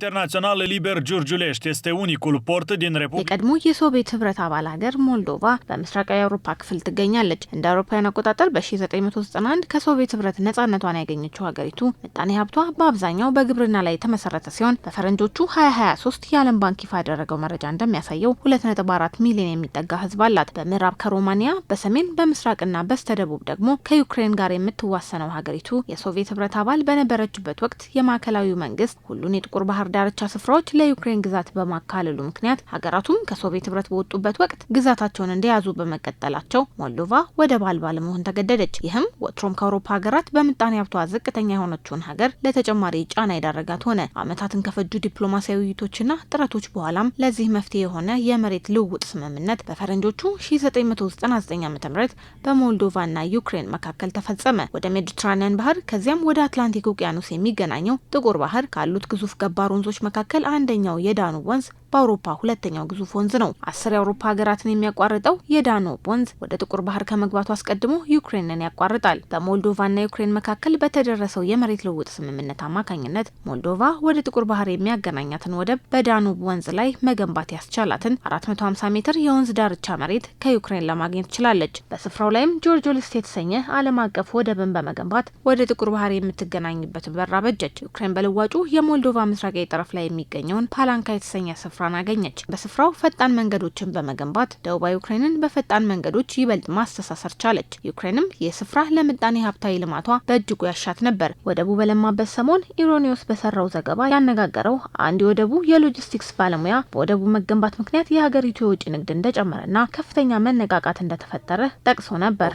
Internațional Liber Giurgiulești este unicul port din Republica የቀድሞ የሶቪየት ህብረት አባል ሀገር ሞልዶቫ በምስራቃዊ አውሮፓ ክፍል ትገኛለች። እንደ አውሮፓውያን አቆጣጠር በ1991 ከሶቪየት ህብረት ነጻነቷን ያገኘችው ሀገሪቱ ምጣኔ ሀብቷ በአብዛኛው በግብርና ላይ የተመሰረተ ሲሆን በፈረንጆቹ 2023 የዓለም ባንክ ይፋ ያደረገው መረጃ እንደሚያሳየው 2.4 ሚሊዮን የሚጠጋ ህዝብ አላት። በምዕራብ ከሮማኒያ በሰሜን በምስራቅና በስተደቡብ ደግሞ ከዩክሬን ጋር የምትዋሰነው ሀገሪቱ የሶቪየት ህብረት አባል በነበረችበት ወቅት የማዕከላዊው መንግስት ሁሉን የጥቁር ባህር የባህር ዳርቻ ስፍራዎች ለዩክሬን ግዛት በማካለሉ ምክንያት ሀገራቱም ከሶቪየት ህብረት በወጡበት ወቅት ግዛታቸውን እንደያዙ በመቀጠላቸው ሞልዶቫ ወደብ አልባ ለመሆን ተገደደች። ይህም ወትሮም ከአውሮፓ ሀገራት በምጣኔ ሀብቷ ዝቅተኛ የሆነችውን ሀገር ለተጨማሪ ጫና የዳረጋት ሆነ። አመታትን ከፈጁ ዲፕሎማሲያዊ ውይይቶችና ጥረቶች በኋላም ለዚህ መፍትሄ የሆነ የመሬት ልውውጥ ስምምነት በፈረንጆቹ 1999 ዓ ም በሞልዶቫና ዩክሬን መካከል ተፈጸመ። ወደ ሜዲትራኒያን ባህር ከዚያም ወደ አትላንቲክ ውቅያኖስ የሚገናኘው ጥቁር ባህር ካሉት ግዙፍ ገባሩ ወንዞች መካከል አንደኛው የዳኑ ወንዝ በአውሮፓ ሁለተኛው ግዙፍ ወንዝ ነው። አስር የአውሮፓ ሀገራትን የሚያቋርጠው የዳኖብ ወንዝ ወደ ጥቁር ባህር ከመግባቱ አስቀድሞ ዩክሬንን ያቋርጣል። በሞልዶቫና ዩክሬን መካከል በተደረሰው የመሬት ልውውጥ ስምምነት አማካኝነት ሞልዶቫ ወደ ጥቁር ባህር የሚያገናኛትን ወደብ በዳኑብ ወንዝ ላይ መገንባት ያስቻላትን 450 ሜትር የወንዝ ዳርቻ መሬት ከዩክሬን ለማግኘት ችላለች። በስፍራው ላይም ጆርጆልስት የተሰኘ ዓለም አቀፍ ወደብን በመገንባት ወደ ጥቁር ባህር የምትገናኝበትን በር አበጀች። ዩክሬን በልዋጩ የሞልዶቫ ምስራቃዊ ጠረፍ ላይ የሚገኘውን ፓላንካ የተሰኘ ስፍራ ስፍራን አገኘች። በስፍራው ፈጣን መንገዶችን በመገንባት ደቡባዊ ዩክሬንን በፈጣን መንገዶች ይበልጥ ማስተሳሰር ቻለች። ዩክሬንም የስፍራ ለምጣኔ ሀብታዊ ልማቷ በእጅጉ ያሻት ነበር። ወደቡ በለማበት ሰሞን ኢሮኒዮስ በሰራው ዘገባ ያነጋገረው አንድ የወደቡ የሎጂስቲክስ ባለሙያ በወደቡ መገንባት ምክንያት የሀገሪቱ የውጭ ንግድ እንደጨመረና ከፍተኛ መነቃቃት እንደተፈጠረ ጠቅሶ ነበር።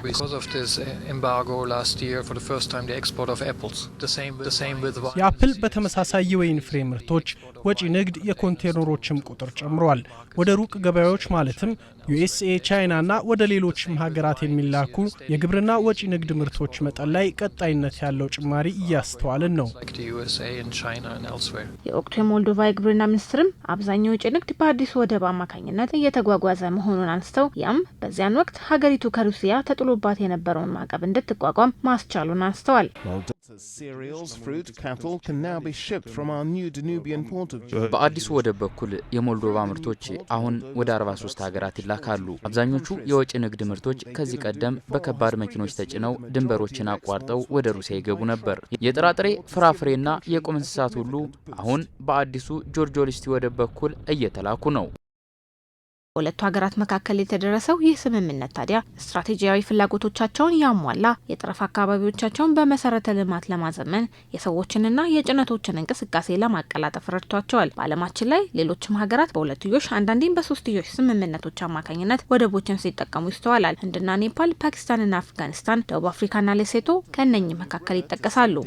የአፕል በተመሳሳይ የወይን ፍሬ ምርቶች ወጪ ንግድ የኮንቴነሮች ሸማቾችም ቁጥር ጨምሯል። ወደ ሩቅ ገበያዎች ማለትም ዩኤስኤ፣ ቻይናና ወደ ሌሎችም ሀገራት የሚላኩ የግብርና ወጪ ንግድ ምርቶች መጠን ላይ ቀጣይነት ያለው ጭማሪ እያስተዋልን ነው። የወቅቱ የሞልዶቫ የግብርና ሚኒስትርም አብዛኛው ውጭ ንግድ በአዲሱ ወደብ አማካኝነት እየተጓጓዘ መሆኑን አንስተው ያም በዚያን ወቅት ሀገሪቱ ከሩሲያ ተጥሎባት የነበረውን ማዕቀብ እንድትቋቋም ማስቻሉን አንስተዋል። በአዲሱ ወደብ በኩል የሞልዶቫ ምርቶች አሁን ወደ 43 ሀገራት ይላካሉ። አብዛኞቹ የወጪ ንግድ ምርቶች ከዚህ ቀደም በከባድ መኪኖች ተጭነው ድንበሮችን አቋርጠው ወደ ሩሲያ ይገቡ ነበር። የጥራጥሬ ፍራፍሬና የቁም እንስሳት ሁሉ አሁን በአዲሱ ጆርጆሊስቲ ወደብ በኩል እየተላኩ ነው። በሁለቱ ሀገራት መካከል የተደረሰው ይህ ስምምነት ታዲያ ስትራቴጂያዊ ፍላጎቶቻቸውን ያሟላ የጠረፍ አካባቢዎቻቸውን በመሰረተ ልማት ለማዘመን የሰዎችንና የጭነቶችን እንቅስቃሴ ለማቀላጠፍ ረድቷቸዋል። በዓለማችን ላይ ሌሎችም ሀገራት በሁለትዮሽ አንዳንዴም በሶስትዮሽ ስምምነቶች አማካኝነት ወደቦችን ሲጠቀሙ ይስተዋላል። ህንድና ኔፓል፣ ፓኪስታንና አፍጋኒስታን፣ ደቡብ አፍሪካና ሌሴቶ ከእነኚህ መካከል ይጠቀሳሉ።